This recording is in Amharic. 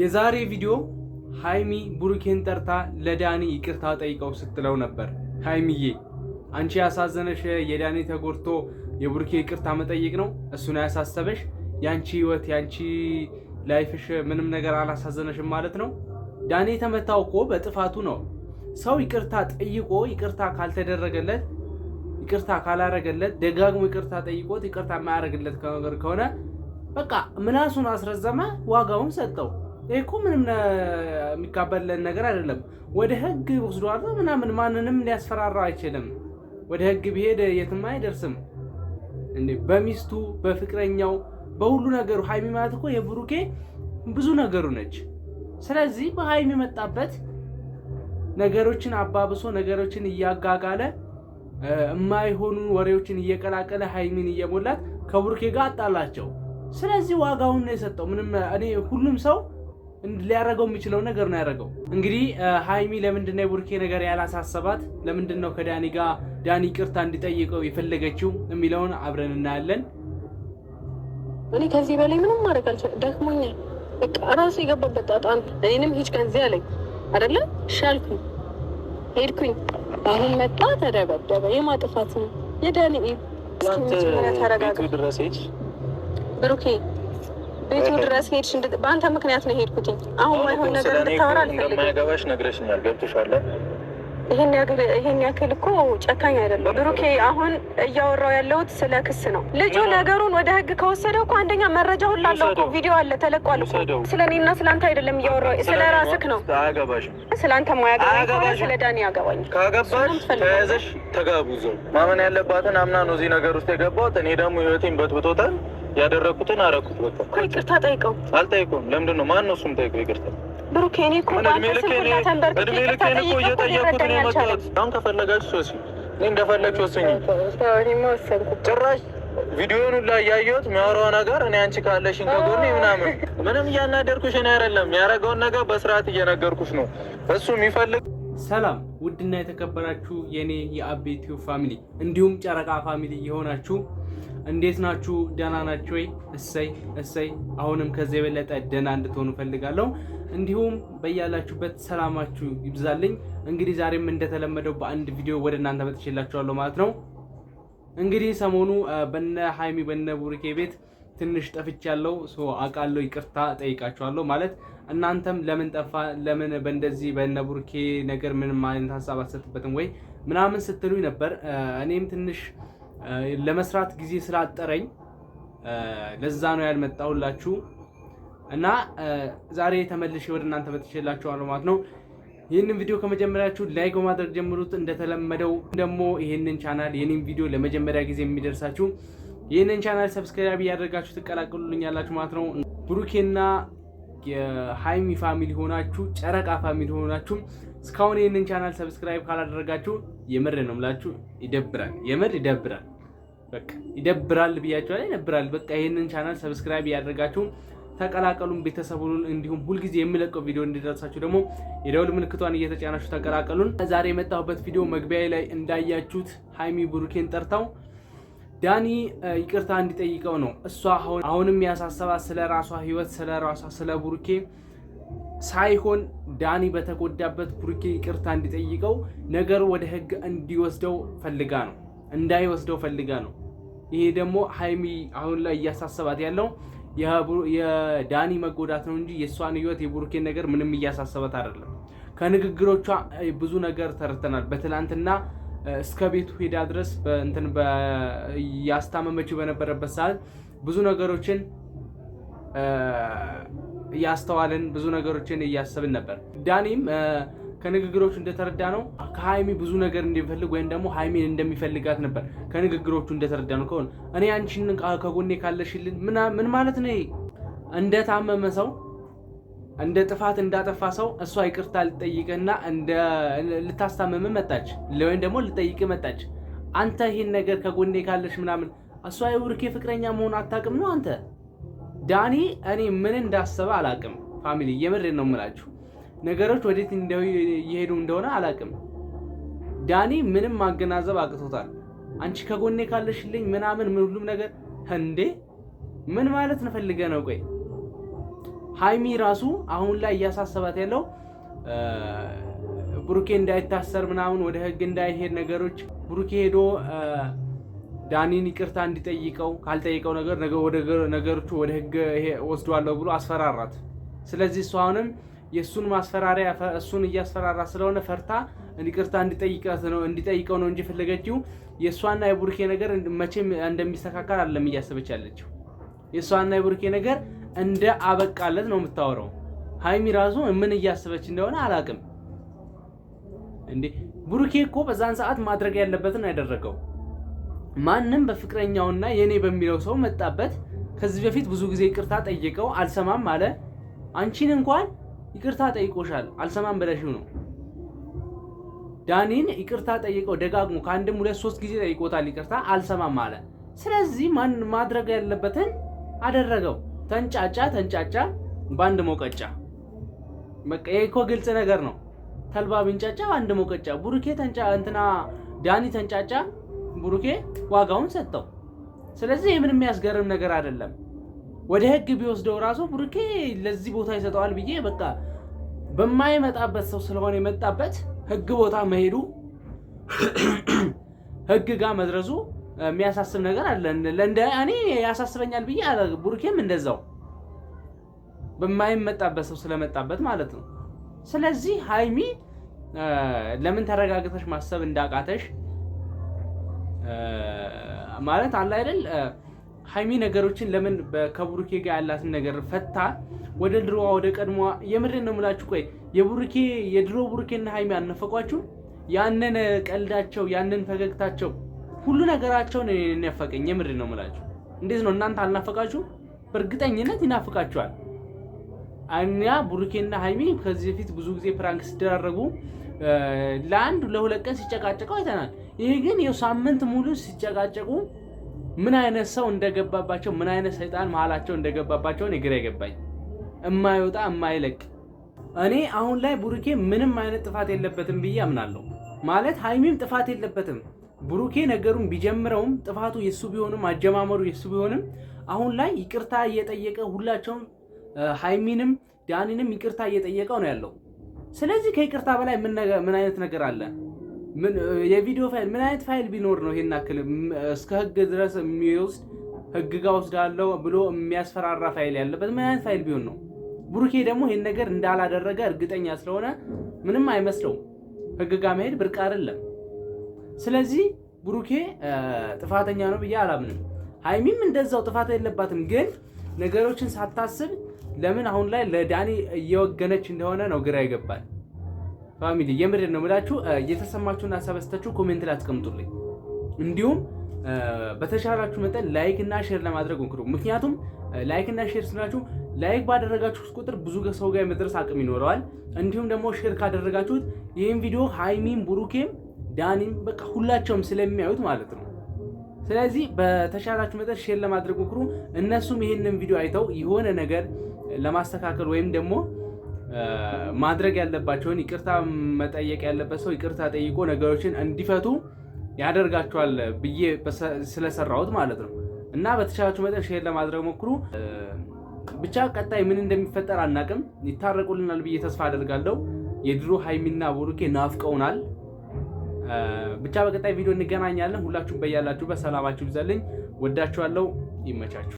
የዛሬ ቪዲዮ ሃይሚ ብሩኬን ጠርታ ለዳኒ ይቅርታ ጠይቀው ስትለው ነበር። ሃይሚዬ አንቺ ያሳዘነሽ የዳኒ ተጎድቶ የብሩኬ ይቅርታ መጠየቅ ነው። እሱን ያሳሰበሽ ያንቺ ህይወት ያንቺ ላይፍሽ ምንም ነገር አላሳዘነሽም ማለት ነው። ዳኒ የተመታው እኮ በጥፋቱ ነው። ሰው ይቅርታ ጠይቆ ይቅርታ ካልተደረገለት ይቅርታ ካላረገለት ደጋግሞ ይቅርታ ጠይቆት ይቅርታ የማያደርግለት ነገር ከሆነ በቃ ምላሱን አስረዘመ፣ ዋጋውን ሰጠው። ይህ እኮ ምንም የሚጋበልን ነገር አይደለም። ወደ ህግ ወስዷል ምናምን ማንንም ሊያስፈራራ አይችልም። ወደ ህግ ቢሄድ የትም አይደርስም። እንዴ በሚስቱ በፍቅረኛው በሁሉ ነገሩ ሀይሚ ማለት እኮ የብሩኬ ብዙ ነገሩ ነች። ስለዚህ በሀይሚ መጣበት ነገሮችን አባብሶ ነገሮችን እያጋጋለ የማይሆኑ ወሬዎችን እየቀላቀለ ሀይሚን እየሞላት ከብሩኬ ጋር አጣላቸው። ስለዚህ ዋጋውን ነው የሰጠው። ምንም እኔ ሁሉም ሰው ሊያደረገው የሚችለው ነገር ነው ያደረገው። እንግዲህ ሀይሚ ለምንድነው የቡርኬ ነገር ያላሳሰባት፣ ለምንድን ነው ከዳኒ ጋር ዳኒ ቅርታ እንዲጠይቀው የፈለገችው የሚለውን አብረን እናያለን። እኔ ከዚህ በላይ ምንም ማድረግ አልችልም፣ ደክሞኛል። በቃ ራሱ የገባበት ጣጣ እኔንም ሂጅ ከዚህ አለኝ አደለ ሻልኩ ሄድኩኝ። አሁን መጣ ተደበደበ። የማጥፋት ነው የዳኒ ተረጋጋ ድረስ ሄጅ ብሩኬ ቤቱ ድረስ ሄድሽ። እንድ በአንተ ምክንያት ነው ሄድኩትኝ። አሁን ማይሆን ነገር እንድታወራ አልፈልግም። ነግረሽኛል። ገብቶሻል። ይህን ያክል እኮ ጨካኝ አይደለም ብሩኬ። አሁን እያወራው ያለሁት ስለ ክስ ነው። ልጁ ነገሩን ወደ ህግ ከወሰደው እኮ አንደኛ መረጃ ሁላለው አለው እኮ ቪዲዮ አለ፣ ተለቋል እኮ። ስለ እኔና ስለ አንተ አይደለም እያወራው፣ ስለ ራስክ ነው። አያገባሽም። ስለ አንተ ማያገባ ስለ ዳኒ ያገባኝ። ካገባሽ ተያዘሽ፣ ተጋቡ። ማመን ያለባትን አምና ነው እዚህ ነገር ውስጥ የገባት። እኔ ደግሞ ህይወቴን በትብቶታል ያደረኩትን አረኩት። በቃ ይቅርታ ጠይቀው። አልጠይቀውም። ለምንድን ነው ማን ነው እሱም? ጠይቀው ይቅርታ። ብሩኬ፣ እኔ እኮ እየጠየኩት ነው የመጣሁት። አሁን ከፈለጋችሁ ሶሲ፣ እኔ እንደፈለግሽ ወስኝ። ጭራሽ ቪዲዮኑን ላይ ያየሁት የሚያወራው ነገር እኔ አንቺ ካለሽን ከጎኔ ምናምን ምንም እያናደርኩሽ እኔ አይደለም ያደረገውን ነገር በስርዓት እየነገርኩሽ ነው እሱ የሚፈልግ ሰላም ውድና የተከበራችሁ የእኔ የአቤቲው ፋሚሊ እንዲሁም ጨረቃ ፋሚሊ የሆናችሁ እንዴት ናችሁ? ደህና ናችሁ ወይ? እሰይ እሰይ። አሁንም ከዚህ የበለጠ ደህና እንድትሆኑ ፈልጋለሁ። እንዲሁም በያላችሁበት ሰላማችሁ ይብዛልኝ። እንግዲህ ዛሬም እንደተለመደው በአንድ ቪዲዮ ወደ እናንተ መጥቼላችኋለሁ ማለት ነው። እንግዲህ ሰሞኑ በነ ሀይሚ በነ ቡርኬ ቤት ትንሽ ጠፍቻለሁ። አውቃለሁ፣ ይቅርታ ጠይቃችኋለሁ። ማለት እናንተም ለምን ጠፋ ለምን በእንደዚህ በነ ቡርኬ ነገር ምንም አይነት ሀሳብ አትሰጥበትም ወይ ምናምን ስትሉኝ ነበር። እኔም ትንሽ ለመስራት ጊዜ ስላጠረኝ ለዛ ነው ያልመጣሁላችሁ እና ዛሬ ተመልሼ ወደ እናንተ መጥቼላችኋለሁ ማለት ነው። ይህንን ቪዲዮ ከመጀመሪያችሁ ላይክ በማድረግ ጀምሩት። እንደተለመደው ደግሞ ይህንን ቻናል ይህንን ቪዲዮ ለመጀመሪያ ጊዜ የሚደርሳችሁ ይህንን ቻናል ሰብስክራይብ እያደረጋችሁ ትቀላቀሉልኛላችሁ ማለት ነው። ብሩኬና የሀይሚ ፋሚሊ ሆናችሁ ጨረቃ ፋሚሊ ሆናችሁ እስካሁን ይህንን ቻናል ሰብስክራይብ ካላደረጋችሁ የምር ነው ምላችሁ፣ ይደብራል። የምር ይደብራል። በቃ ይደብራል ብያችኋል፣ ይደብራል። በቃ ይህንን ቻናል ሰብስክራይብ እያደረጋችሁ ተቀላቀሉን ቤተሰቡን። እንዲሁም ሁልጊዜ የሚለቀው ቪዲዮ እንዲደርሳችሁ ደግሞ የደውል ምልክቷን እየተጫናችሁ ተቀላቀሉን። ዛሬ የመጣሁበት ቪዲዮ መግቢያ ላይ እንዳያችሁት ሀይሚ ብሩኬን ጠርታው ዳኒ ይቅርታ እንዲጠይቀው ነው። እሷ አሁንም ያሳሰባት ስለ ራሷ ህይወት፣ ስለ ራሷ፣ ስለ ቡሩኬ ሳይሆን ዳኒ በተጎዳበት ቡሩኬ ይቅርታ እንዲጠይቀው ነገር ወደ ህግ እንዲወስደው ፈልጋ ነው እንዳይወስደው ፈልጋ ነው። ይሄ ደግሞ ሀይሚ አሁን ላይ እያሳሰባት ያለው የዳኒ መጎዳት ነው እንጂ የእሷን ህይወት የቡርኬን ነገር ምንም እያሳሰባት አይደለም። ከንግግሮቿ ብዙ ነገር ተረድተናል። በትላንትና እስከ ቤቱ ሄዳ ድረስ በእንትን ያስታመመችው በነበረበት ሰዓት ብዙ ነገሮችን እያስተዋልን ብዙ ነገሮችን እያሰብን ነበር። ዳኒም ከንግግሮቹ እንደተረዳ ነው ከሀይሚ ብዙ ነገር እንደሚፈልግ ወይም ደግሞ ሀይሚን እንደሚፈልጋት ነበር ከንግግሮቹ እንደተረዳ ነው። ከሆነ እኔ አንቺን ከጎኔ ካለሽልን ምን ማለት ነው እንደታመመ ሰው እንደ ጥፋት እንዳጠፋ ሰው እሷ ይቅርታ ልጠይቅና ልታስታምም መጣች፣ ወይም ደግሞ ልጠይቅ መጣች። አንተ ይህን ነገር ከጎኔ ካለሽ ምናምን እሷ የብሩኬ ፍቅረኛ መሆን አታውቅም ነው አንተ ዳኒ። እኔ ምን እንዳሰበ አላውቅም። ፋሚሊ የምሬን ነው የምላችሁ፣ ነገሮች ወዴት እየሄዱ እንደሆነ አላውቅም። ዳኒ ምንም ማገናዘብ አቅቶታል። አንቺ ከጎኔ ካለሽልኝ ምናምን ሁሉም ነገር እንዴ ምን ማለት እንፈልገ ነው? ቆይ ሀይሚ ራሱ አሁን ላይ እያሳሰባት ያለው ብሩኬ እንዳይታሰር ምናምን ወደ ህግ እንዳይሄድ ነገሮች ብሩኬ ሄዶ ዳኒን ይቅርታ እንዲጠይቀው ካልጠይቀው ነገር ነገሮቹ ወደ ህግ ወስዷለሁ ብሎ አስፈራራት። ስለዚህ እሱ አሁንም የእሱን ማስፈራሪያ እሱን እያስፈራራ ስለሆነ ፈርታ ይቅርታ እንዲጠይቀው ነው እንጂ ፈለገችው። የእሷና የቡርኬ ነገር መቼም እንደሚስተካከል አለም እያሰበች ያለችው የእሷና የቡርኬ ነገር እንደ አበቃለት ነው የምታወራው። ሀይሚ ራሱ ምን እያስበች እንደሆነ አላውቅም። እንዴ ብሩኬ እኮ በዛን ሰዓት ማድረግ ያለበትን ያደረገው። ማንም በፍቅረኛውና የኔ በሚለው ሰው መጣበት። ከዚህ በፊት ብዙ ጊዜ ይቅርታ ጠይቀው አልሰማም አለ። አንቺን እንኳን ይቅርታ ጠይቆሻል አልሰማም ብለሽው ነው። ዳኒን ይቅርታ ጠይቀው ደጋግሞ ከአንድም ሁለት ሶስት ጊዜ ጠይቆታል ይቅርታ አልሰማም አለ። ስለዚህ ማን ማድረግ ያለበትን አደረገው። ተንጫጫ ተንጫጫ በአንድ ሞቀጫ። በቃ ይሄ እኮ ግልጽ ነገር ነው። ተልባ ቢንጫጫ በአንድ ሞቀጫ። ቡሩኬ ተንጫ እንትና ዳኒ ተንጫጫ፣ ቡሩኬ ዋጋውን ሰጠው። ስለዚህ ይህ ምንም የሚያስገርም ነገር አይደለም። ወደ ህግ ቢወስደው ራሱ ቡሩኬ ለዚህ ቦታ ይሰጠዋል ብዬ በቃ በማይመጣበት ሰው ስለሆነ የመጣበት ህግ ቦታ መሄዱ ህግ ጋር መድረሱ የሚያሳስብ ነገር አለ። ለእንደ እኔ ያሳስበኛል ብዬ ቡርኬም እንደዛው በማይመጣበት ሰው ስለመጣበት ማለት ነው። ስለዚህ ሀይሚ ለምን ተረጋግተሽ ማሰብ እንዳቃተሽ ማለት አለ አይደል? ሀይሚ ነገሮችን ለምን ከቡሩኬ ጋር ያላትን ነገር ፈታ ወደ ድሮዋ ወደ ቀድሞዋ። የምድር ነው ምላችሁ። ቆይ የቡሩኬ የድሮ ቡሩኬና ሀይሚ አነፈቋችሁ ያንን ቀልዳቸው፣ ያንን ፈገግታቸው ሁሉ ነገራቸውን እኔን ያፈቀኝ የምር ነው የምላችሁ። እንዴት ነው እናንተ አልናፈቃችሁ? በእርግጠኝነት ይናፍቃችኋል። እኛ ቡሩኬና ሀይሚ ከዚህ በፊት ብዙ ጊዜ ፕራንክ ሲደራረጉ ለአንድ ለሁለት ቀን ሲጨቃጨቀው አይተናል። ይህ ግን የው ሳምንት ሙሉ ሲጨቃጨቁ ምን አይነት ሰው እንደገባባቸው ምን አይነት ሰይጣን መሀላቸው እንደገባባቸውን ግራ የገባኝ እማይወጣ እማይለቅ። እኔ አሁን ላይ ቡሩኬ ምንም አይነት ጥፋት የለበትም ብዬ አምናለሁ። ማለት ሀይሚም ጥፋት የለበትም ብሩኬ ነገሩን ቢጀምረውም ጥፋቱ የእሱ ቢሆንም አጀማመሩ የእሱ ቢሆንም አሁን ላይ ይቅርታ እየጠየቀ ሁላቸውም ሀይሚንም ዳኒንም ይቅርታ እየጠየቀው ነው ያለው። ስለዚህ ከይቅርታ በላይ ምን አይነት ነገር አለ? የቪዲዮ ፋይል ምን አይነት ፋይል ቢኖር ነው ይሄን ያክል እስከ ህግ ድረስ የሚወስድ ህግ ጋር ወስዳለው ብሎ የሚያስፈራራ ፋይል ያለበት ምን አይነት ፋይል ቢሆን ነው? ብሩኬ ደግሞ ይህን ነገር እንዳላደረገ እርግጠኛ ስለሆነ ምንም አይመስለውም። ህግ ጋር መሄድ ብርቅ አይደለም። ስለዚህ ብሩኬ ጥፋተኛ ነው ብዬ አላምንም። ሀይሚም እንደዛው ጥፋት የለባትም። ግን ነገሮችን ሳታስብ ለምን አሁን ላይ ለዳኒ እየወገነች እንደሆነ ነው ግራ ይገባል። ፋሚሊ የምድር ነው የምላችሁ። እየተሰማችሁን አሳበስተችሁ ኮሜንት ላይ አስቀምጡልኝ። እንዲሁም በተሻላችሁ መጠን ላይክ እና ሼር ለማድረግ ሞክሩ። ምክንያቱም ላይክ እና ሼር ስላችሁ ላይክ ባደረጋችሁት ቁጥር ብዙ ሰው ጋር የመድረስ አቅም ይኖረዋል። እንዲሁም ደግሞ ሼር ካደረጋችሁት ይህም ቪዲዮ ሀይሚም ብሩኬም ዳኒም በቃ ሁላቸውም ስለሚያዩት ማለት ነው። ስለዚህ በተሻላችሁ መጠን ሼር ለማድረግ ሞክሩ። እነሱም ይህንን ቪዲዮ አይተው የሆነ ነገር ለማስተካከል ወይም ደግሞ ማድረግ ያለባቸውን ይቅርታ መጠየቅ ያለበት ሰው ይቅርታ ጠይቆ ነገሮችን እንዲፈቱ ያደርጋቸዋል ብዬ ስለሰራሁት ማለት ነው። እና በተሻላችሁ መጠን ሼር ለማድረግ ሞክሩ። ብቻ ቀጣይ ምን እንደሚፈጠር አናቅም። ይታረቁልናል ብዬ ተስፋ አደርጋለሁ። የድሮ ሀይሚና ብሩኬ ናፍቀውናል። ብቻ በቀጣይ ቪዲዮ እንገናኛለን። ሁላችሁም በያላችሁበት ሰላማችሁ ይብዛልኝ። ወዳችኋለሁ። ይመቻችሁ።